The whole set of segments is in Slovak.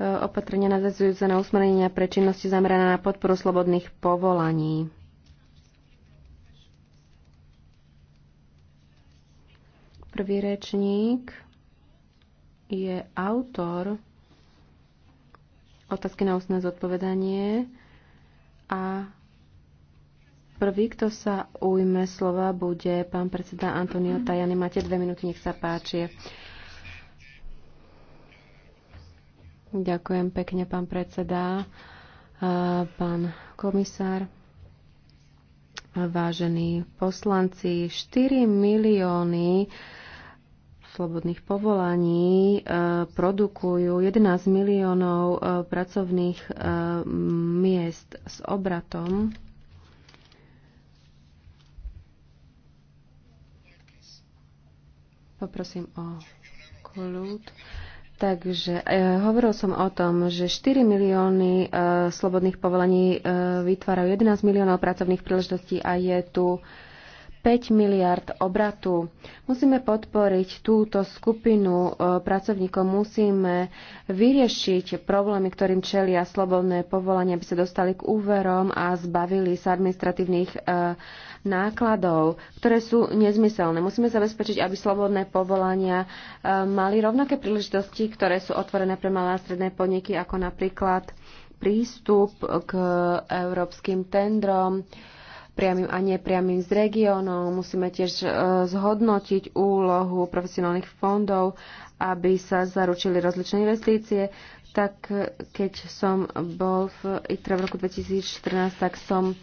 opatrenia nadvezujúce na usmernenia pre činnosti zamerané na podporu slobodných povolaní. Prvý rečník je autor otázky na ústne zodpovedanie a prvý, kto sa ujme slova, bude pán predseda Antonio Tajany. Máte dve minúty, nech sa páči. Ďakujem pekne, pán predseda, pán komisár, vážení poslanci. 4 milióny slobodných povolaní e, produkujú 11 miliónov e, pracovných e, miest s obratom Poprosím o kľúd. Takže e, hovoril som o tom, že 4 milióny e, slobodných povolení e, vytvárajú 11 miliónov pracovných príležitostí a je tu e, 5 miliard obratu. Musíme podporiť túto skupinu e, pracovníkov, musíme vyriešiť problémy, ktorým čelia slobodné povolanie, aby sa dostali k úverom a zbavili sa administratívnych e, nákladov, ktoré sú nezmyselné. Musíme zabezpečiť, aby slobodné povolania e, mali rovnaké príležitosti, ktoré sú otvorené pre malé a stredné podniky, ako napríklad prístup k európskym tendrom, priamým a nepriamým z regiónov. Musíme tiež e, zhodnotiť úlohu profesionálnych fondov, aby sa zaručili rozličné investície. Tak e, keď som bol v ITRE v roku 2014, tak som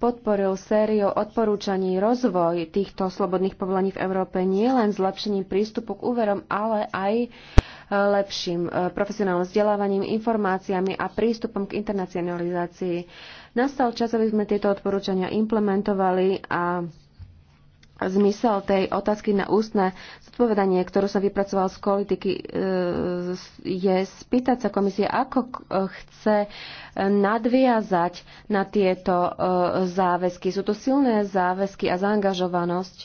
podporil sériu odporúčaní rozvoj týchto slobodných povolaní v Európe nielen zlepšením prístupu k úverom, ale aj lepším eh, profesionálnym vzdelávaním, informáciami a prístupom k internacionalizácii. Nastal čas, aby sme tieto odporúčania implementovali a zmysel tej otázky na ústne zodpovedanie, ktorú som vypracoval z politiky, eh, je spýtať sa komisie, ako eh, chce nadviazať na tieto záväzky. Sú to silné záväzky a zaangažovanosť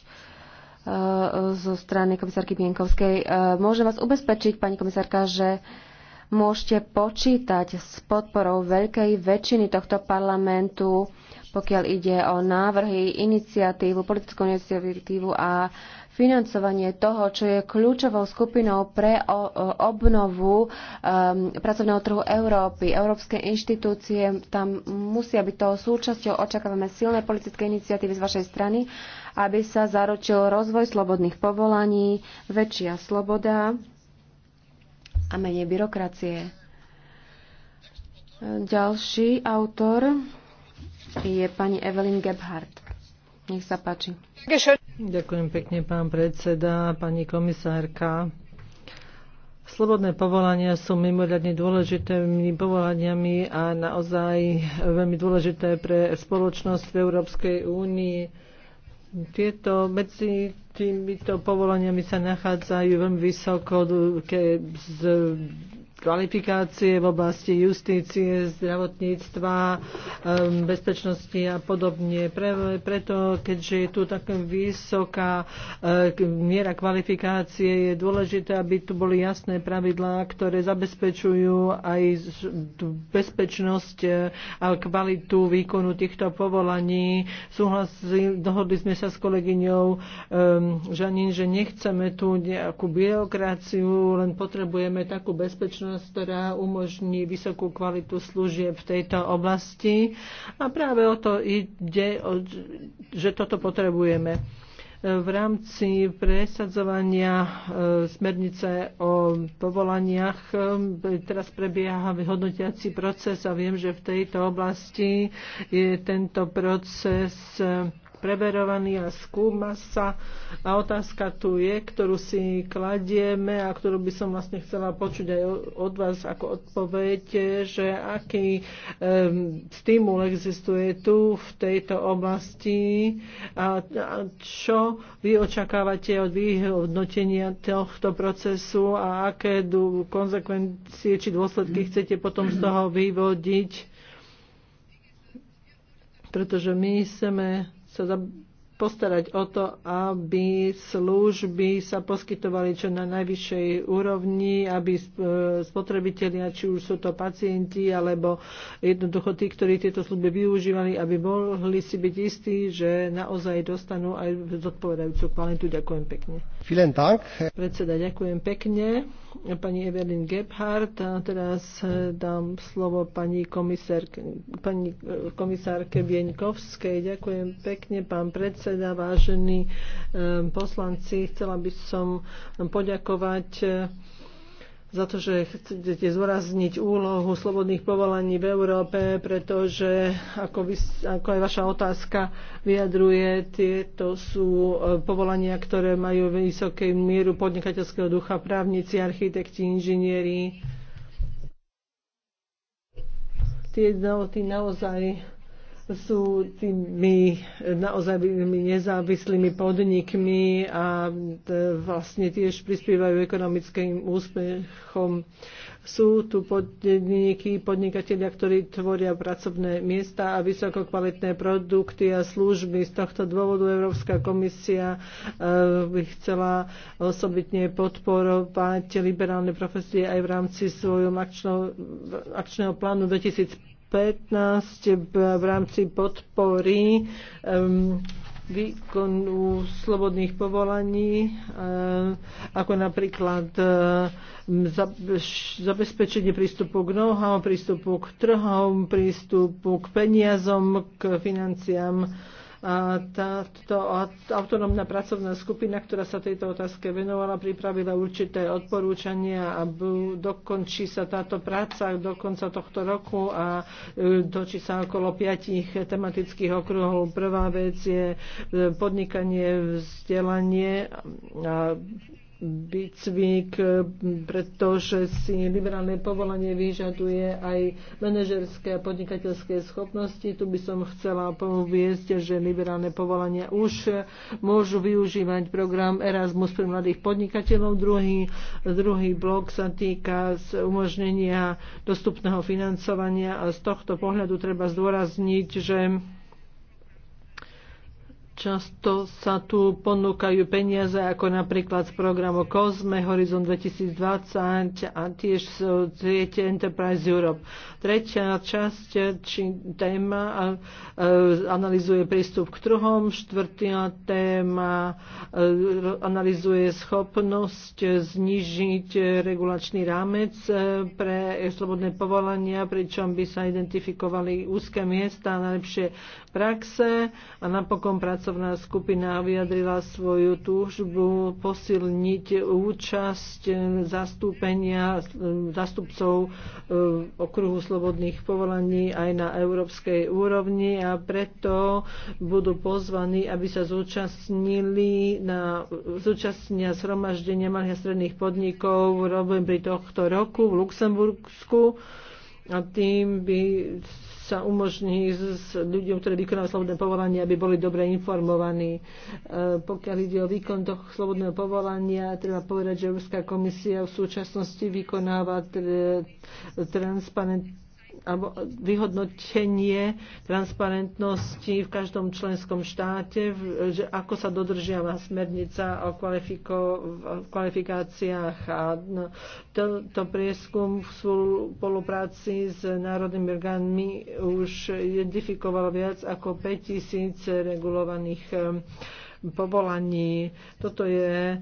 Eh, zo strany komisárky Bienkovskej. Eh, môžem vás ubezpečiť, pani komisárka, že môžete počítať s podporou veľkej väčšiny tohto parlamentu pokiaľ ide o návrhy, iniciatívu, politickú iniciatívu a financovanie toho, čo je kľúčovou skupinou pre obnovu um, pracovného trhu Európy. Európske inštitúcie tam musia byť toho súčasťou. Očakávame silné politické iniciatívy z vašej strany, aby sa zaručil rozvoj slobodných povolaní, väčšia sloboda a menej byrokracie. Ďalší autor je pani Evelyn Gebhardt. Nech sa páči. Ďakujem pekne, pán predseda, pani komisárka. Slobodné povolania sú mimoriadne dôležitými povolaniami a naozaj veľmi dôležité pre spoločnosť v Európskej únii. Tieto medzi týmito povolaniami sa nachádzajú veľmi vysoko keď kvalifikácie v oblasti justície, zdravotníctva, bezpečnosti a podobne. Pre, preto, keďže je tu taká vysoká e, miera kvalifikácie, je dôležité, aby tu boli jasné pravidlá, ktoré zabezpečujú aj bezpečnosť e, a kvalitu výkonu týchto povolaní. Súhlasili, dohodli sme sa s kolegyňou Žanin, že nechceme tu nejakú byrokraciu, len potrebujeme takú bezpečnosť, spoločnosť, ktorá umožní vysokú kvalitu služieb v tejto oblasti. A práve o to ide, že toto potrebujeme v rámci presadzovania e, smernice o povolaniach. E, teraz prebieha vyhodnotiaci proces a viem, že v tejto oblasti je tento proces e, preverovaný a skúma sa. A otázka tu je, ktorú si kladieme a ktorú by som vlastne chcela počuť aj od vás ako odpoveď, že aký um, stimul existuje tu v tejto oblasti a, a čo vy očakávate od vyhodnotenia tohto procesu a aké konsekvencie či dôsledky chcete potom z toho vyvodiť pretože my chceme sa postarať o to, aby služby sa poskytovali čo na najvyššej úrovni, aby e, spotrebitelia, či už sú to pacienti, alebo jednoducho tí, ktorí tieto služby využívali, aby mohli si byť istí, že naozaj dostanú aj zodpovedajúcu kvalitu. Ďakujem pekne. Vielen Dank. Predseda, ďakujem pekne. Pani Evelyn Gebhardt, a teraz e, dám slovo pani, komisár, pani e, komisárke Bieňkovskej. Ďakujem pekne, pán predseda predseda, vážení ehm, poslanci. Chcela by som poďakovať eh, za to, že chcete zúrazniť úlohu slobodných povolaní v Európe, pretože, ako, vy, ako aj vaša otázka vyjadruje, tieto sú eh, povolania, ktoré majú vysokej mieru podnikateľského ducha právnici, architekti, inžinieri. Tie jednoty naozaj sú tými naozaj nezávislými podnikmi a vlastne tiež prispievajú ekonomickým úspechom. Sú tu podniky, podnikatelia, ktorí tvoria pracovné miesta a vysokokvalitné produkty a služby. Z tohto dôvodu Európska komisia e, by chcela osobitne podporovať liberálne profesie aj v rámci svojho akčného, akčného plánu 2015 15 v rámci podpory um, výkonu slobodných povolaní, eh, ako napríklad eh, zabezpečenie prístupu k know-how, prístupu k trhom, prístupu k peniazom, k financiám a táto autonómna pracovná skupina, ktorá sa tejto otázke venovala, pripravila určité odporúčania a dokončí sa táto práca do konca tohto roku a e, točí sa okolo piatich tematických okruhov. Prvá vec je e, podnikanie, vzdelanie a výcvik, pretože si liberálne povolanie vyžaduje aj manažerské a podnikateľské schopnosti. Tu by som chcela poviesť, že liberálne povolania už môžu využívať program Erasmus pre mladých podnikateľov. Druhý, druhý blok sa týka z umožnenia dostupného financovania a z tohto pohľadu treba zdôrazniť, že Často sa tu ponúkajú peniaze ako napríklad z programu COSME, Horizon 2020 a tiež z siete Enterprise Europe. Tretia časť či téma e, analizuje prístup k trhom, štvrtá téma e, analizuje schopnosť znižiť regulačný rámec e, pre slobodné povolania, pričom by sa identifikovali úzke miesta a najlepšie praxe a napokon práca pracovná skupina vyjadrila svoju túžbu posilniť účasť zastúpenia zastupcov eh, okruhu slobodných povolaní aj na európskej úrovni a preto budú pozvaní, aby sa zúčastnili na zúčastnenia zhromaždenia malých a stredných podnikov v novembri tohto roku v Luxembursku a tým by sa umožní s ľuďom, ktorí vykonávajú slobodné povolanie, aby boli dobre informovaní. E, pokiaľ ide o výkon toho slobodného povolania, treba povedať, že Európska komisia v súčasnosti vykonáva transparentné alebo vyhodnotenie transparentnosti v každom členskom štáte, že ako sa dodržiava smernica o kvalifikáciách a no, to, to prieskum v spolupráci s národnými orgánmi už identifikovalo viac ako 5000 regulovaných povolaní. Toto je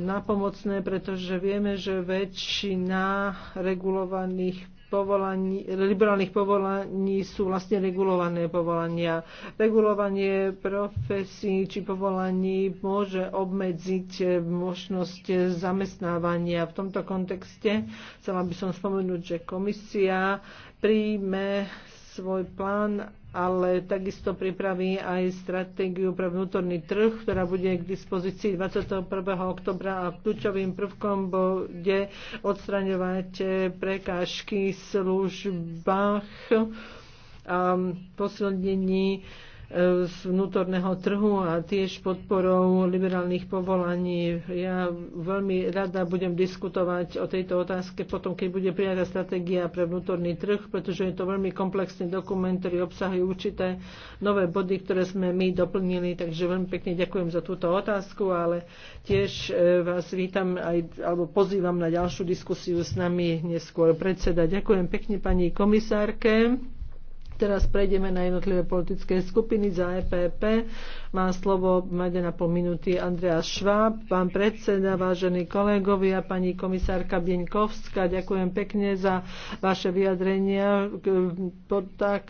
napomocné, pretože vieme, že väčšina regulovaných povolaní, liberálnych povolaní sú vlastne regulované povolania. Regulovanie profesí či povolaní môže obmedziť možnosť zamestnávania. V tomto kontexte chcela by som spomenúť, že komisia príjme svoj plán ale takisto pripraví aj stratégiu pre vnútorný trh, ktorá bude k dispozícii 21. oktobra a kľúčovým prvkom bude odstraňovať prekážky v službách a posilnení z vnútorného trhu a tiež podporou liberálnych povolaní. Ja veľmi rada budem diskutovať o tejto otázke potom, keď bude prijatá stratégia pre vnútorný trh, pretože je to veľmi komplexný dokument, ktorý obsahuje určité nové body, ktoré sme my doplnili. Takže veľmi pekne ďakujem za túto otázku, ale tiež e, vás vítam aj, alebo pozývam na ďalšiu diskusiu s nami neskôr predseda. Ďakujem pekne pani komisárke. Teraz prejdeme na jednotlivé politické skupiny za EPP. Má slovo na pol minúty Andrea Šváb, pán predseda, vážení kolegovia, pani komisárka Bieňkovská. Ďakujem pekne za vaše vyjadrenia. Tak,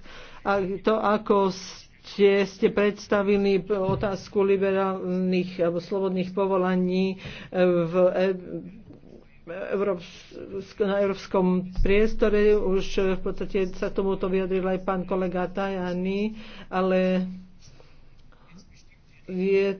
to, ako ste, ste predstavili otázku liberálnych alebo slobodných povolaní v e- Európsk, na európskom priestore. Už eh, v podstate sa tomuto vyjadril aj pán kolega Tajani, ale je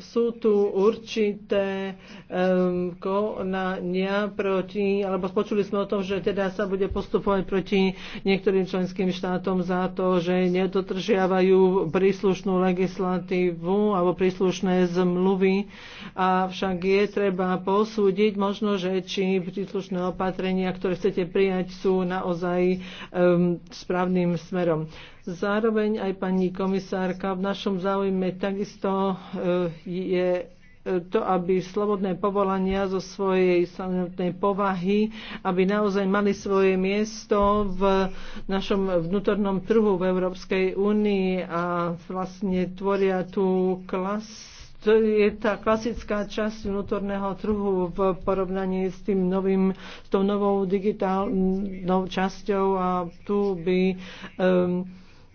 sú tu určité um, konania proti, alebo počuli sme o tom, že teda sa bude postupovať proti niektorým členským štátom za to, že nedodržiavajú príslušnú legislatívu alebo príslušné zmluvy. A však je treba posúdiť možno, že či príslušné opatrenia, ktoré chcete prijať, sú naozaj um, správnym smerom. Zároveň aj pani komisárka, v našom záujme takisto e, je to, aby slobodné povolania zo svojej samotnej povahy, aby naozaj mali svoje miesto v našom vnútornom trhu v Európskej únii a vlastne tvoria tú klas to je tá klasická časť vnútorného trhu v porovnaní s tým novým, s tou novou digitálnou časťou a tu by um,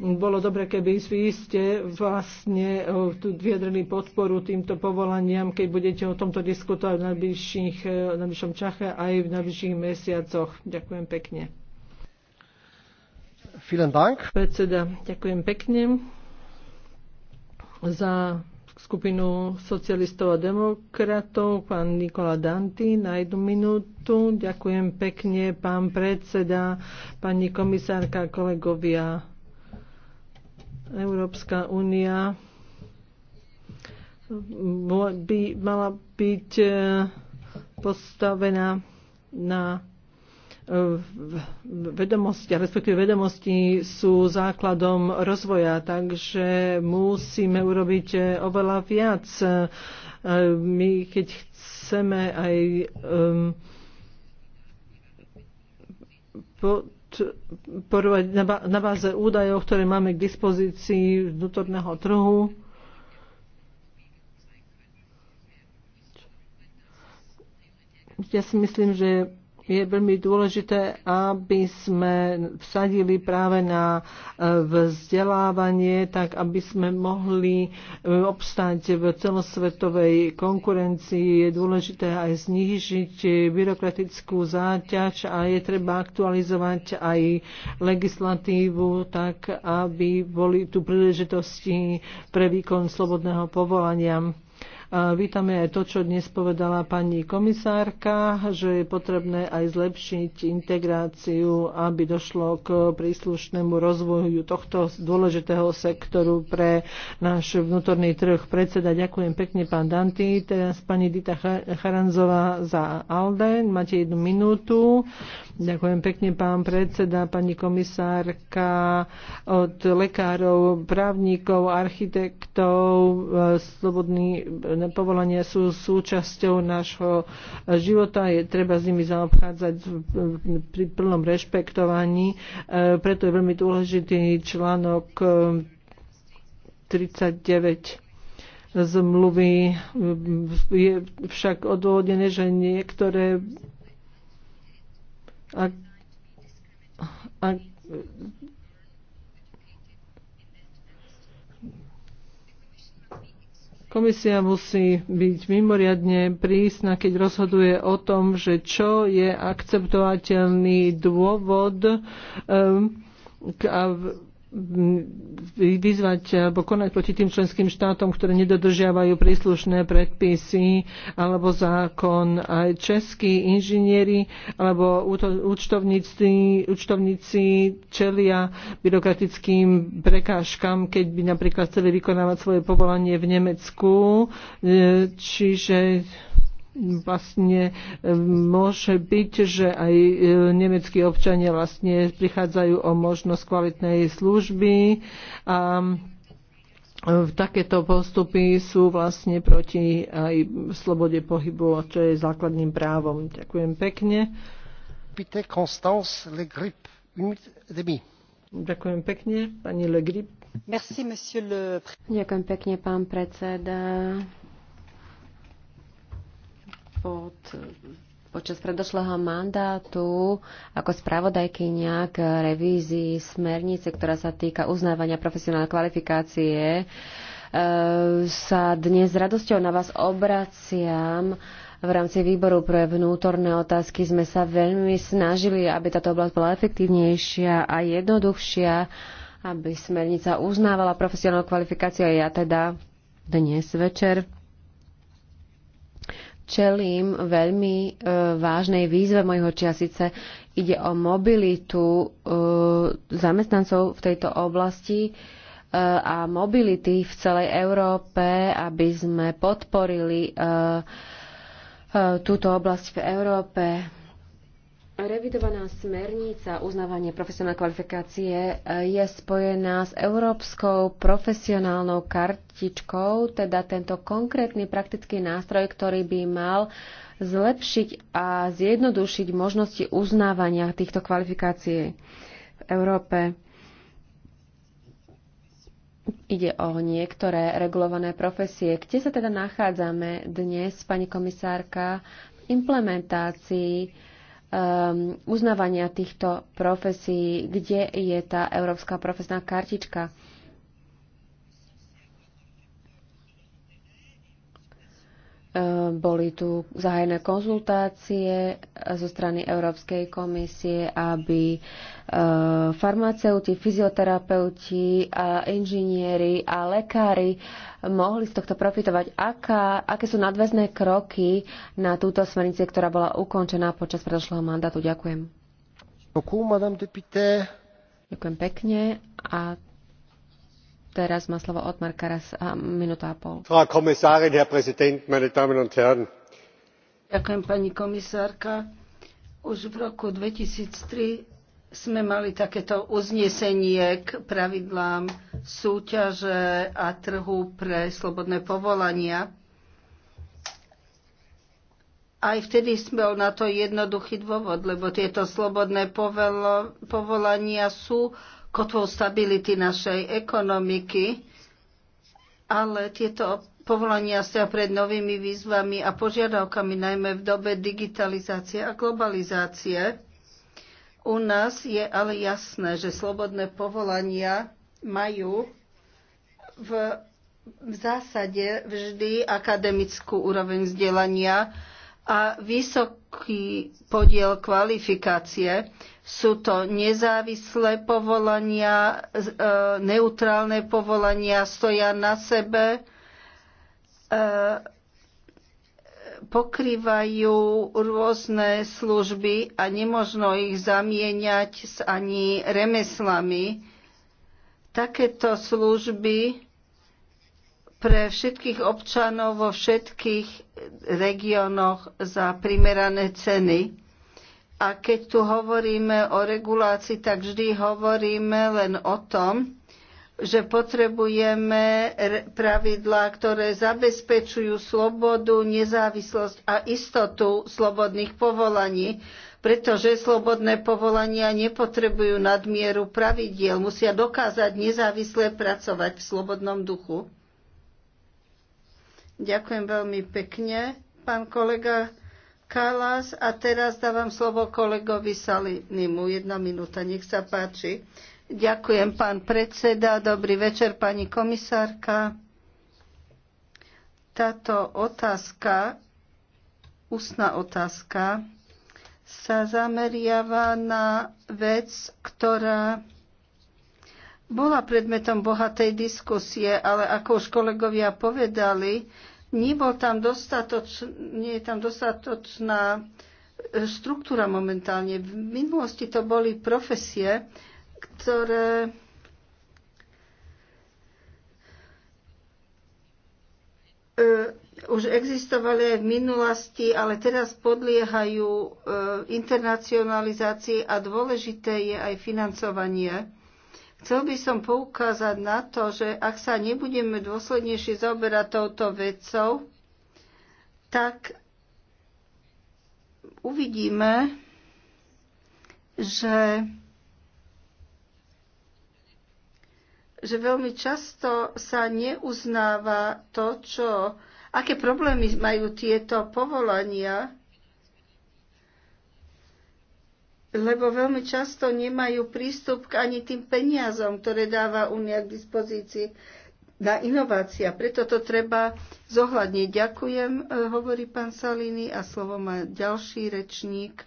bolo dobre, keby vy ste vlastne eh, tu vyjadrili podporu týmto povolaniam, keď budete o tomto diskutovať v eh, v najbližšom čache aj v najbližších mesiacoch. Ďakujem pekne. Vielen Dank. Predseda, ďakujem pekne za skupinu socialistov a demokratov, pán Nikola Danti, na jednu minútu. Ďakujem pekne, pán predseda, pani komisárka, kolegovia Európska únia by mala byť e, postavená na e, vedomosti, respektíve vedomosti sú základom rozvoja, takže musíme urobiť e, oveľa viac. My, keď chceme aj um, po, podporovať na báze údajov, ktoré máme k dispozícii vnútorného trhu. Ja si myslím, že je veľmi dôležité, aby sme vsadili práve na e, vzdelávanie, tak aby sme mohli e, obstáť v celosvetovej konkurencii. Je dôležité aj znížiť byrokratickú záťaž a je treba aktualizovať aj legislatívu, tak aby boli tu príležitosti pre výkon slobodného povolania vítame aj to, čo dnes povedala pani komisárka, že je potrebné aj zlepšiť integráciu, aby došlo k príslušnému rozvoju tohto dôležitého sektoru pre náš vnútorný trh. Predseda, ďakujem pekne, pán Danty. Teraz pani Dita Charanzová za ALDE. Máte jednu minútu. Ďakujem pekne, pán predseda, pani komisárka, od lekárov, právnikov, architektov. E, Slobodní e, povolania sú súčasťou nášho života. Je treba s nimi zaobchádzať pri plnom rešpektovaní. E, preto je veľmi dôležitý článok 39 zmluvy. Je však odôvodnené, že niektoré ak, ak, Komisia musí byť mimoriadne prísna, keď rozhoduje o tom, že čo je akceptovateľný dôvod um, a vyzvať alebo konať proti tým členským štátom, ktoré nedodržiavajú príslušné predpisy alebo zákon. Aj českí inžinieri alebo účtovníci, účtovníci čelia byrokratickým prekážkam, keď by napríklad chceli vykonávať svoje povolanie v Nemecku. E, čiže vlastne e, môže byť, že aj e, nemeckí občania vlastne prichádzajú o možnosť kvalitnej služby a e, takéto postupy sú vlastne proti aj slobode pohybu, čo je základným právom. Ďakujem pekne. Pite Constance Le Grip, Ďakujem pekne, pani Le Grip. Merci, monsieur le... Ďakujem pekne, pán predseda od počas predošlého mandátu ako spravodajkynia k revízii smernice, ktorá sa týka uznávania profesionálnej kvalifikácie, e, sa dnes s radosťou na vás obraciam. V rámci výboru pre vnútorné otázky sme sa veľmi snažili, aby táto oblasť bola efektívnejšia a jednoduchšia, aby smernica uznávala profesionálnu kvalifikáciu a ja teda dnes večer čelím veľmi e, vážnej výzve mojho čiasice. Ide o mobilitu e, zamestnancov v tejto oblasti e, a mobility v celej Európe, aby sme podporili e, e, túto oblasť v Európe. Revidovaná smernica uznávanie profesionálnej kvalifikácie je spojená s európskou profesionálnou kartičkou, teda tento konkrétny praktický nástroj, ktorý by mal zlepšiť a zjednodušiť možnosti uznávania týchto kvalifikácií v Európe. Ide o niektoré regulované profesie. Kde sa teda nachádzame dnes, pani komisárka, v implementácii um, uznávania týchto profesí, kde je tá európska profesná kartička. Boli tu zahajené konzultácie zo strany Európskej komisie, aby e, farmaceuti, fyzioterapeuti, inžinieri a lekári mohli z tohto profitovať. Aká, aké sú nadväzné kroky na túto smernicu, ktorá bola ukončená počas predošlého mandátu? Ďakujem. Ďakujem pekne. A Teraz má slovo Otmar Karas a minúta a pol. Frau Kommissarin, Herr Präsident, meine Damen und Herren. Ďakujem, pani komisárka. Už v roku 2003 sme mali takéto uznesenie k pravidlám súťaže a trhu pre slobodné povolania. Aj vtedy bol na to jednoduchý dôvod, lebo tieto slobodné povolania sú kotvou stability našej ekonomiky, ale tieto povolania sa pred novými výzvami a požiadavkami, najmä v dobe digitalizácie a globalizácie. U nás je ale jasné, že slobodné povolania majú v, v zásade vždy akademickú úroveň vzdelania a vysok, vysoký podiel kvalifikácie. Sú to nezávislé povolania, e, neutrálne povolania, stoja na sebe, e, pokrývajú rôzne služby a nemožno ich zamieňať s ani remeslami. Takéto služby pre všetkých občanov vo všetkých regiónoch za primerané ceny. A keď tu hovoríme o regulácii, tak vždy hovoríme len o tom, že potrebujeme pravidlá, ktoré zabezpečujú slobodu, nezávislosť a istotu slobodných povolaní, pretože slobodné povolania nepotrebujú nadmieru pravidiel, musia dokázať nezávisle pracovať v slobodnom duchu. Ďakujem veľmi pekne, pán kolega Kalas. A teraz dávam slovo kolegovi Salinimu. Jedna minúta, nech sa páči. Ďakujem, pán predseda. Dobrý večer, pani komisárka. Táto otázka, ústna otázka, sa zameriava na vec, ktorá bola predmetom bohatej diskusie, ale ako už kolegovia povedali, Nebol tam dostatoč, nie je tam dostatočná e, štruktúra momentálne. V minulosti to boli profesie, ktoré e, už existovali aj v minulosti, ale teraz podliehajú e, internacionalizácii a dôležité je aj financovanie. Chcel by som poukázať na to, že ak sa nebudeme dôslednejšie zaoberať touto vecou, tak uvidíme, že, že veľmi často sa neuznáva to, čo, aké problémy majú tieto povolania lebo veľmi často nemajú prístup k ani tým peniazom, ktoré dáva Únia k dispozícii na inovácia. Preto to treba zohľadniť. Ďakujem, e, hovorí pán Salini a slovo má ďalší rečník.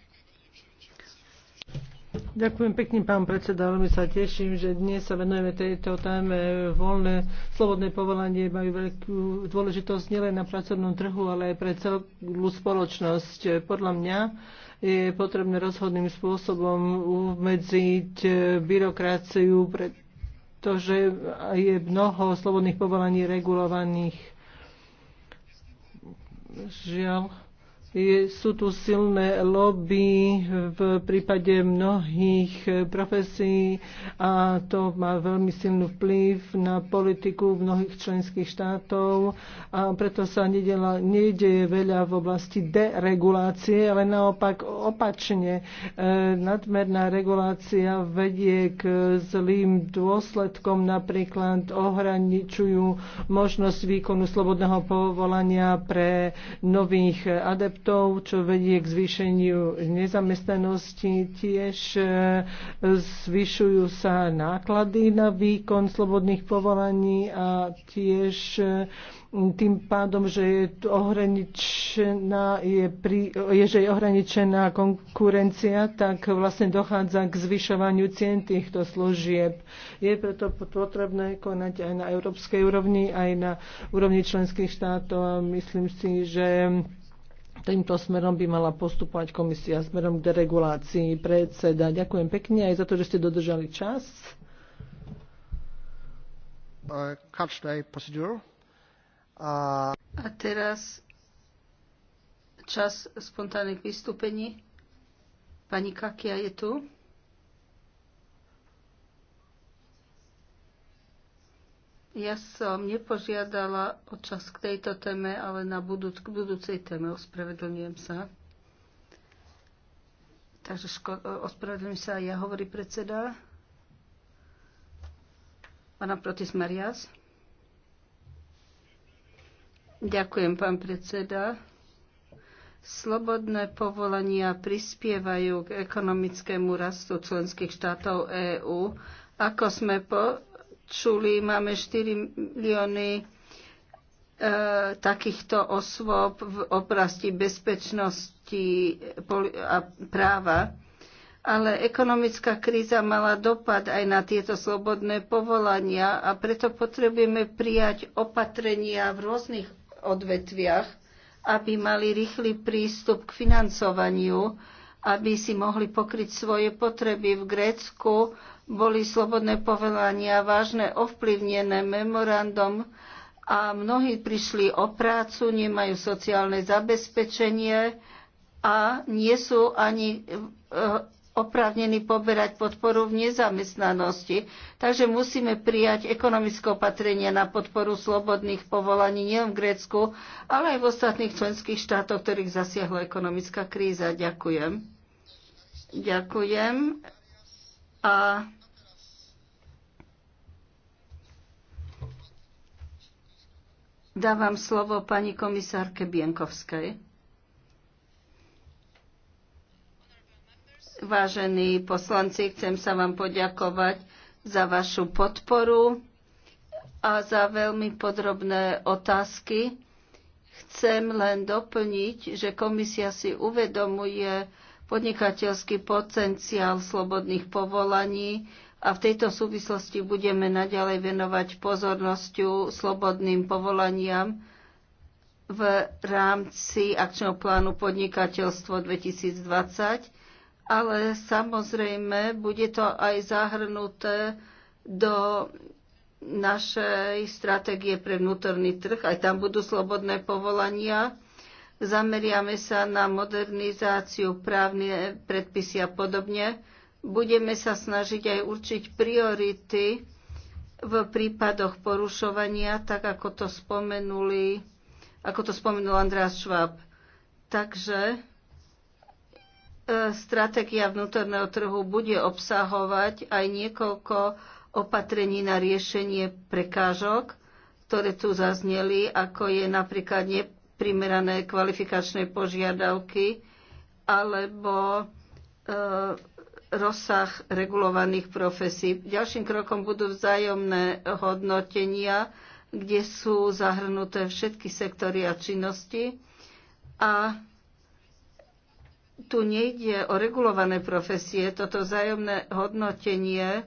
Ďakujem pekne, pán predseda. Veľmi sa teším, že dnes sa venujeme tejto téme. Voľné, slobodné povolanie majú veľkú dôležitosť nielen na pracovnom trhu, ale aj pre celú spoločnosť. Podľa mňa je potrebné rozhodným spôsobom umedziť e, byrokraciu, pretože je mnoho slobodných povolaní regulovaných. Žiaľ je, sú tu silné lobby v prípade mnohých profesí a to má veľmi silný vplyv na politiku mnohých členských štátov a preto sa nedela, nedeje veľa v oblasti deregulácie, ale naopak opačne. E, nadmerná regulácia vedie k zlým dôsledkom, napríklad ohraničujú možnosť výkonu slobodného povolania pre nových adeptov receptov, čo vedie k zvýšeniu nezamestnanosti. Tiež e, zvyšujú sa náklady na výkon slobodných povolaní a tiež e, tým pádom, že je, ohraničená, je, pri, je, že je ohraničená konkurencia, tak vlastne dochádza k zvyšovaniu cien týchto služieb. Je preto potrebné konať aj na európskej úrovni, aj na úrovni členských štátov a myslím si, že týmto smerom by mala postupovať komisia smerom k deregulácii predseda. Ďakujem pekne aj za to, že ste dodržali čas. Uh, uh, A teraz čas spontánnych vystúpení. Pani Kakia je tu. Ja som nepožiadala o čas k tejto téme, ale na budúc, k budúcej téme ospravedlňujem sa. Takže ško- ospravedlňujem sa, ja hovorí predseda. Pána Protis Marias. Ďakujem, pán predseda. Slobodné povolania prispievajú k ekonomickému rastu členských štátov EÚ, ako sme po, počuli, máme 4 milióny e, takýchto osôb v oblasti bezpečnosti a práva. Ale ekonomická kríza mala dopad aj na tieto slobodné povolania a preto potrebujeme prijať opatrenia v rôznych odvetviach, aby mali rýchly prístup k financovaniu, aby si mohli pokryť svoje potreby v Grécku boli slobodné povelania vážne ovplyvnené memorandum a mnohí prišli o prácu, nemajú sociálne zabezpečenie a nie sú ani e, oprávnení poberať podporu v nezamestnanosti. Takže musíme prijať ekonomické opatrenia na podporu slobodných povolaní nielen v Grécku, ale aj v ostatných členských štátoch, ktorých zasiahla ekonomická kríza. Ďakujem. Ďakujem a Dávam slovo pani komisárke Bienkovskej. Vážení poslanci, chcem sa vám poďakovať za vašu podporu a za veľmi podrobné otázky. Chcem len doplniť, že komisia si uvedomuje podnikateľský potenciál slobodných povolaní a v tejto súvislosti budeme naďalej venovať pozornosťu slobodným povolaniam v rámci akčného plánu podnikateľstvo 2020, ale samozrejme bude to aj zahrnuté do našej stratégie pre vnútorný trh. Aj tam budú slobodné povolania. Zameriame sa na modernizáciu právne predpisy a podobne. Budeme sa snažiť aj určiť priority v prípadoch porušovania, tak ako to spomenuli, ako to spomenul András Šváb. Takže e, stratégia vnútorného trhu bude obsahovať aj niekoľko opatrení na riešenie prekážok, ktoré tu zazneli, ako je napríklad neprimerané kvalifikačné požiadavky alebo e, rozsah regulovaných profesí. Ďalším krokom budú vzájomné hodnotenia, kde sú zahrnuté všetky sektory a činnosti a tu nejde o regulované profesie, toto vzájomné hodnotenie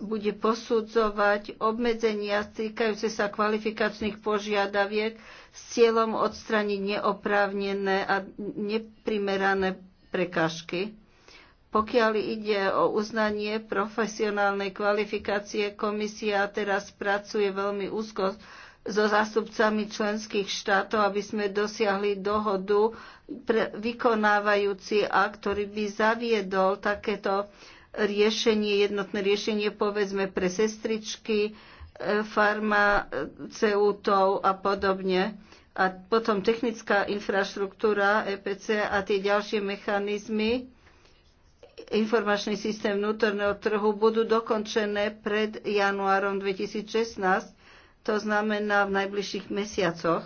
bude posudzovať obmedzenia týkajúce sa kvalifikačných požiadaviek s cieľom odstraniť neoprávnené a neprimerané prekážky. Pokiaľ ide o uznanie profesionálnej kvalifikácie, komisia teraz pracuje veľmi úzko so zástupcami členských štátov, aby sme dosiahli dohodu pre vykonávajúci a ktorý by zaviedol takéto riešenie, jednotné riešenie povedzme pre sestričky, e, farmaceutov a podobne. A potom technická infraštruktúra EPC a tie ďalšie mechanizmy, informačný systém vnútorného trhu budú dokončené pred januárom 2016, to znamená v najbližších mesiacoch.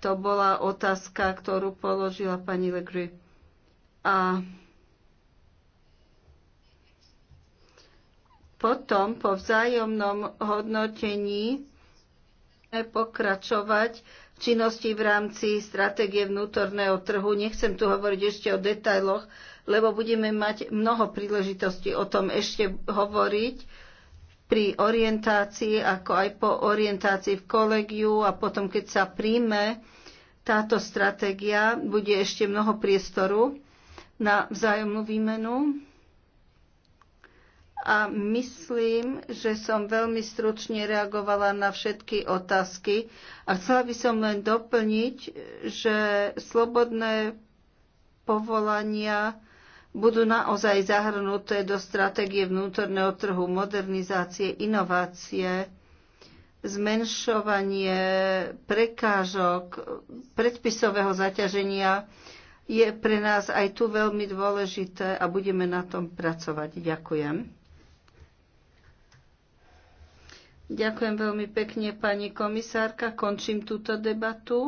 To bola otázka, ktorú položila pani Legry. A Potom po vzájomnom hodnotení pokračovať v činnosti v rámci stratégie vnútorného trhu. Nechcem tu hovoriť ešte o detailoch, lebo budeme mať mnoho príležitostí o tom ešte hovoriť pri orientácii, ako aj po orientácii v kolegiu a potom, keď sa príjme táto stratégia, bude ešte mnoho priestoru na vzájomnú výmenu a myslím, že som veľmi stručne reagovala na všetky otázky a chcela by som len doplniť, že slobodné povolania budú naozaj zahrnuté do stratégie vnútorného trhu modernizácie, inovácie, zmenšovanie prekážok, predpisového zaťaženia je pre nás aj tu veľmi dôležité a budeme na tom pracovať. Ďakujem. Ďakujem veľmi pekne, pani komisárka. Končím túto debatu.